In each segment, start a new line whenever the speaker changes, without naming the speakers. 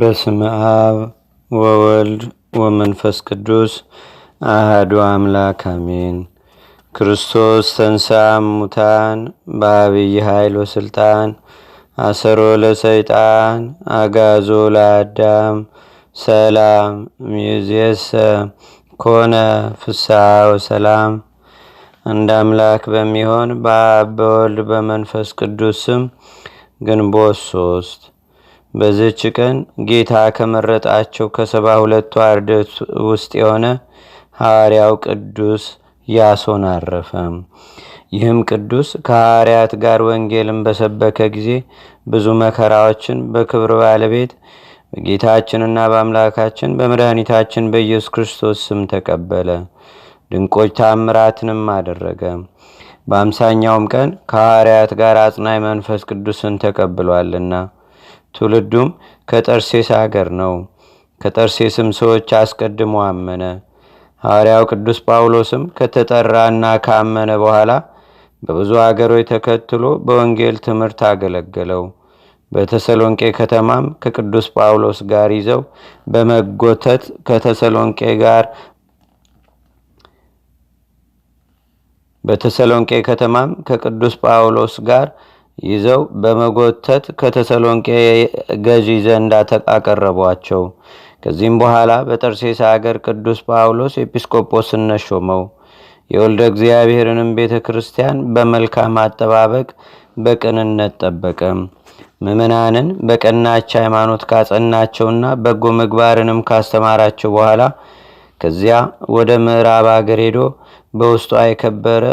በስመ አብ ወወልድ ወመንፈስ ቅዱስ አህዱ አምላክ አሜን። ክርስቶስ ተንሳ ሙታን በአብይ ኃይል ወስልጣን አሰሮ ለሰይጣን አጋዞ ለአዳም ሰላም ሚዝየሰ ኮነ ፍስሐ ወሰላም። እንደ አምላክ በሚሆን በአብ በወልድ በመንፈስ ቅዱስ ስም ግንቦት ሶስት በዝች ቀን ጌታ ከመረጣቸው ከሰባ ሁለቱ አርደት ውስጥ የሆነ ሐዋርያው ቅዱስ ያሶን አረፈ። ይህም ቅዱስ ከሐዋርያት ጋር ወንጌልን በሰበከ ጊዜ ብዙ መከራዎችን በክብር ባለቤት በጌታችንና በአምላካችን በመድኃኒታችን በኢየሱስ ክርስቶስ ስም ተቀበለ። ድንቆች ታምራትንም አደረገ። በአምሳኛውም ቀን ከሐዋርያት ጋር አጽናይ መንፈስ ቅዱስን ተቀብሏልና ትውልዱም ከጠርሴስ አገር ነው። ከጠርሴስም ሰዎች አስቀድሞ አመነ። ሐዋርያው ቅዱስ ጳውሎስም ከተጠራና ካመነ በኋላ በብዙ አገሮች ተከትሎ በወንጌል ትምህርት አገለገለው። በተሰሎንቄ ከተማም ከቅዱስ ጳውሎስ ጋር ይዘው በመጎተት ከተሰሎንቄ ጋር በተሰሎንቄ ከተማም ከቅዱስ ጳውሎስ ጋር ይዘው በመጎተት ከተሰሎንቄ ገዢ ዘንድ አቀረቧቸው። ከዚህም በኋላ በጠርሴስ አገር ቅዱስ ጳውሎስ ኤጲስቆጶስ ሾመው። የወልደ እግዚአብሔርንም ቤተ ክርስቲያን በመልካም አጠባበቅ በቅንነት ጠበቀ። ምምናንን በቀናች ሃይማኖት ካጸናቸውና በጎ ምግባርንም ካስተማራቸው በኋላ ከዚያ ወደ ምዕራብ አገር ሄዶ በውስጧ የከበረ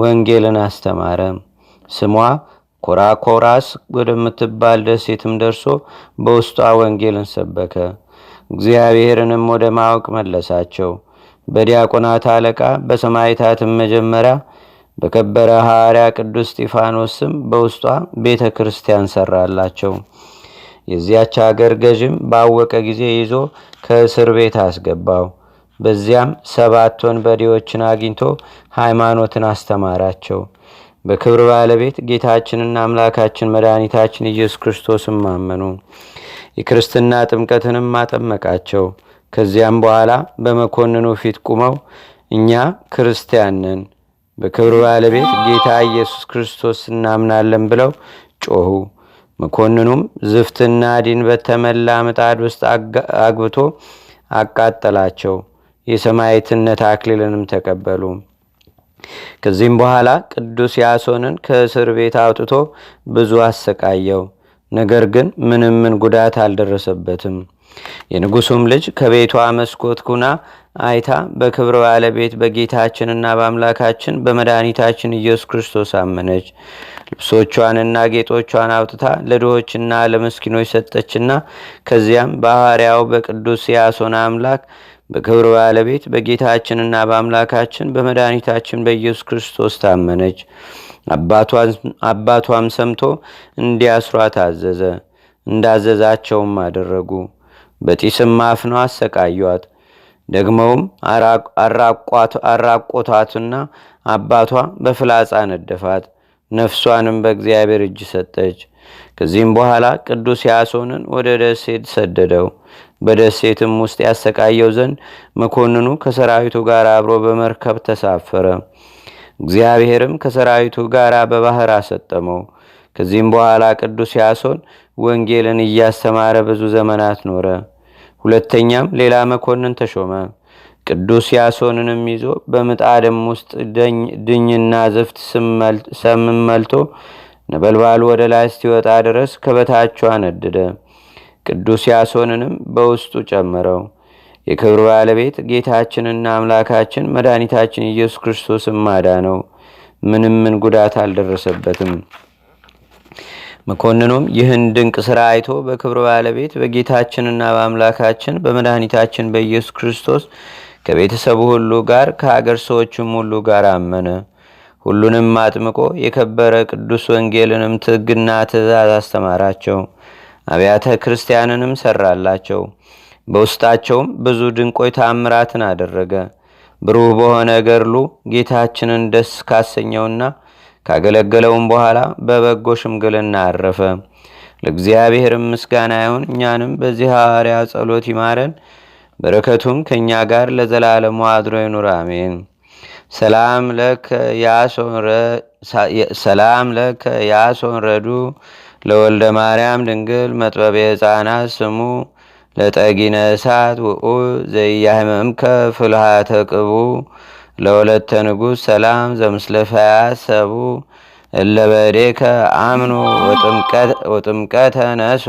ወንጌልን አስተማረ። ስሟ ኮራኮራስ ወደምትባል ደሴትም ደርሶ በውስጧ ወንጌልን ሰበከ፣ እግዚአብሔርንም ወደ ማወቅ መለሳቸው። በዲያቆናት አለቃ በሰማዕታትም መጀመሪያ በከበረ ሐዋርያ ቅዱስ ስጢፋኖስም በውስጧ ቤተ ክርስቲያን ሰራላቸው። የዚያች አገር ገዥም ባወቀ ጊዜ ይዞ ከእስር ቤት አስገባው። በዚያም ሰባት ወንበዴዎችን አግኝቶ ሃይማኖትን አስተማራቸው። በክብር ባለቤት ጌታችንና አምላካችን መድኃኒታችን ኢየሱስ ክርስቶስም ማመኑ የክርስትና ጥምቀትንም ማጠመቃቸው ከዚያም በኋላ በመኮንኑ ፊት ቁመው እኛ ክርስቲያንን በክብር ባለቤት ጌታ ኢየሱስ ክርስቶስ እናምናለን ብለው ጮኹ። መኮንኑም ዝፍትና ዲን በተመላ ምጣድ ውስጥ አግብቶ አቃጠላቸው። የሰማይትነት አክሊልንም ተቀበሉ። ከዚህም በኋላ ቅዱስ ያሶንን ከእስር ቤት አውጥቶ ብዙ አሰቃየው። ነገር ግን ምንም ምን ጉዳት አልደረሰበትም። የንጉሱም ልጅ ከቤቷ መስኮት ኩና አይታ በክብረ ባለቤት በጌታችንና በአምላካችን በመድኃኒታችን ኢየሱስ ክርስቶስ አመነች። ልብሶቿንና ጌጦቿን አውጥታ ለድሆችና ለምስኪኖች ሰጠችና ከዚያም በሐዋርያው በቅዱስ ያሶን አምላክ በክብር ባለቤት በጌታችንና በአምላካችን በመድኃኒታችን በኢየሱስ ክርስቶስ ታመነች። አባቷም ሰምቶ እንዲያስሯት አዘዘ። እንዳዘዛቸውም አደረጉ። በጢስም አፍነው አሰቃዩአት። ደግመውም አራቆቷትና አባቷ በፍላጻ ነደፋት። ነፍሷንም በእግዚአብሔር እጅ ሰጠች። ከዚህም በኋላ ቅዱስ ያሶንን ወደ ደሴት ሰደደው። በደሴትም ውስጥ ያሰቃየው ዘንድ መኮንኑ ከሰራዊቱ ጋር አብሮ በመርከብ ተሳፈረ። እግዚአብሔርም ከሰራዊቱ ጋር በባህር አሰጠመው። ከዚህም በኋላ ቅዱስ ያሶን ወንጌልን እያስተማረ ብዙ ዘመናት ኖረ። ሁለተኛም ሌላ መኮንን ተሾመ። ቅዱስ ያሶንንም ይዞ በምጣድም ውስጥ ድኝና ዝፍት ሰምን መልቶ ነበልባሉ ወደ ላይ እስቲወጣ ድረስ ከበታቿ ነደደ። ቅዱስ ያሶንንም በውስጡ ጨምረው። የክብር ባለቤት ጌታችንና አምላካችን መድኃኒታችን ኢየሱስ ክርስቶስም ማዳ ነው። ምንም ምን ጉዳት አልደረሰበትም። መኮንኑም ይህን ድንቅ ስራ አይቶ በክብር ባለቤት በጌታችንና በአምላካችን በመድኃኒታችን በኢየሱስ ክርስቶስ ከቤተሰቡ ሁሉ ጋር ከአገር ሰዎችም ሁሉ ጋር አመነ። ሁሉንም አጥምቆ የከበረ ቅዱስ ወንጌልንም ትግና ትእዛዝ አስተማራቸው። አብያተ ክርስቲያንንም ሰራላቸው። በውስጣቸውም ብዙ ድንቆይ ታምራትን አደረገ። ብሩህ በሆነ ገርሉ ጌታችንን ደስ ካሰኘውና ካገለገለውም በኋላ በበጎ ሽምግልና አረፈ። ለእግዚአብሔርም ምስጋና ይሁን። እኛንም በዚህ ሐዋርያ ጸሎት ይማረን። በረከቱም ከእኛ ጋር ለዘላለሙ አድሮ ይኑር፣ አሜን። ሰላም ለከ ረዱ ለወልደ ማርያም ድንግል መጥበብ የሕፃናት ስሙ ለጠጊነ እሳት ውኡ ዘያህመም ከፍልሃ ቅቡ ለወለተ ንጉሥ ሰላም ፈያት ሰቡ እለበዴከ አምኑ ወጥምቀተ ነሱ።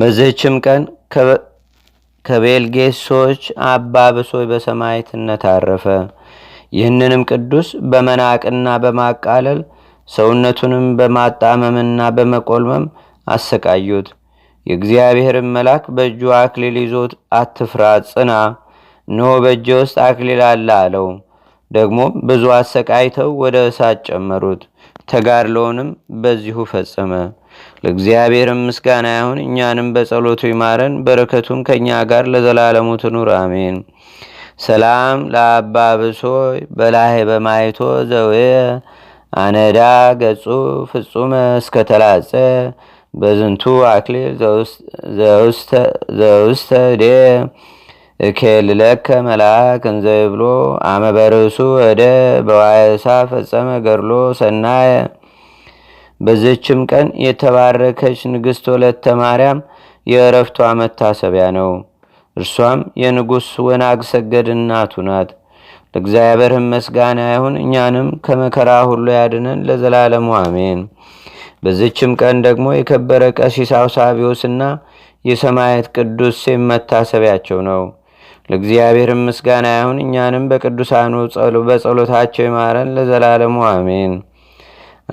በዚህችም ቀን ከቤልጌሶች አባ ብሶይ በሰማይትነት አረፈ። ይህንንም ቅዱስ በመናቅና በማቃለል ሰውነቱንም በማጣመምና በመቆልመም አሰቃዩት። የእግዚአብሔርን መልአክ በእጁ አክሊል ይዞት አትፍራ፣ ጽና፣ እንሆ በእጄ ውስጥ አክሊል አለ አለው። ደግሞም ብዙ አሰቃይተው ወደ እሳት ጨመሩት። ተጋድለውንም በዚሁ ፈጸመ። ለእግዚአብሔርም ምስጋና ይሁን፣ እኛንም በጸሎቱ ይማረን፣ በረከቱም ከእኛ ጋር ለዘላለሙ ትኑር አሜን። ሰላም ለአባ ብሶይ በላሄ በማይቶ ዘዌ አነዳ ገጹ ፍጹም እስከተላጸ በዝንቱ አክሊል ዘውስተ ዴ እኬልለከ መልአክ እንዘ ይብሎ አመበርሱ ወደ በዋየሳ ፈጸመ ገድሎ ሰናየ። በዝችም ቀን የተባረከች ንግሥት ወለተ ማርያም የእረፍቷ መታሰቢያ ነው። እርሷም የንጉሥ ወናግ ሰገድ እናቱ ናት። ለእግዚአብሔርም ምስጋና ይሁን። እኛንም ከመከራ ሁሉ ያድነን ለዘላለሙ አሜን። በዚችም ቀን ደግሞ የከበረ ቀሲስ አውሳቢዎስና የሰማየት ቅዱስ ሴም መታሰቢያቸው ነው። ለእግዚአብሔርም ምስጋና ይሁን። እኛንም በቅዱሳኑ በጸሎታቸው ይማረን ለዘላለሙ አሜን።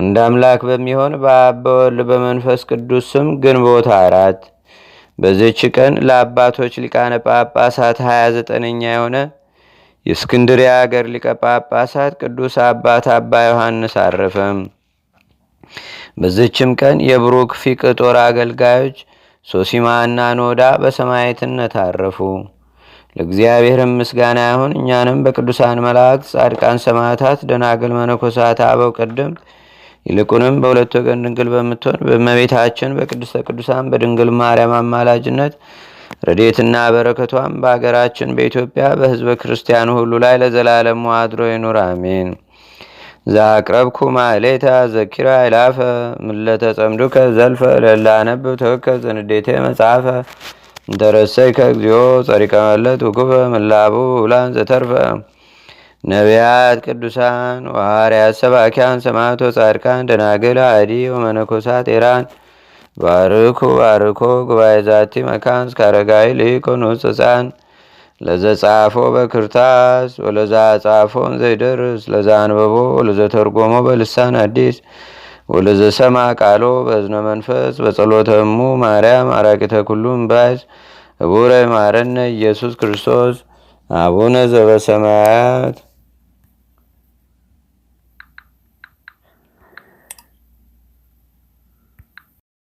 እንደ አምላክ በሚሆን በአበወል በመንፈስ ቅዱስ ስም ግንቦት አራት በዝች ቀን ለአባቶች ሊቃነ ጳጳሳት 29ኛ የሆነ የእስክንድሪያ አገር ሊቀ ጳጳሳት ቅዱስ አባት አባ ዮሐንስ አረፈም። በዝችም ቀን የብሩክ ፊቅ ጦር አገልጋዮች ሶሲማና ኖዳ በሰማዕትነት አረፉ። ለእግዚአብሔርም ምስጋና ይሁን። እኛንም በቅዱሳን መላእክት፣ ጻድቃን፣ ሰማዕታት፣ ደናግል፣ መነኮሳት፣ አበው ቅድም ይልቁንም በሁለት ወገን ድንግል በምትሆን በእመቤታችን በቅድስተ ቅዱሳን በድንግል ማርያም አማላጅነት ረዴትና በረከቷም በአገራችን በኢትዮጵያ በህዝበ ክርስቲያኑ ሁሉ ላይ ለዘላለሙ አድሮ ይኑር፣ አሜን። ዛቅረብኩ ማሌታ ዘኪራ ይላፈ ምለተ ጸምዱከ ዘልፈ ለላ ነብ ተወከ ዘንዴቴ መጽሐፈ እንተረሰይ እግዚኦ ጸሪቀ መለት ውኩበ ምላቡ ውላን ዘተርፈ ነቢያት ቅዱሳን ወሐዋርያት ሰባኪያን ሰማቶ ጻድቃን ደናግል አዲ ወመነኮሳት ኢራን ባርኩ ባርኮ ጉባኤ ዛቲ መካን ስካረጋይ አረጋዊ ልኢኮኑ ሕፃን ለዘጻፎ በክርታስ ወለዛ ጻፎን ዘይደርስ ለዛ አንበቦ ወለዘ በልሳን አዲስ ወለዘ ሰማ ቃሎ በዝነ መንፈስ በጸሎተሙ ማርያም አራቂተ ኩሉም ባይዝ እቡረ ማረነ ኢየሱስ ክርስቶስ አቡነ ዘበሰማያት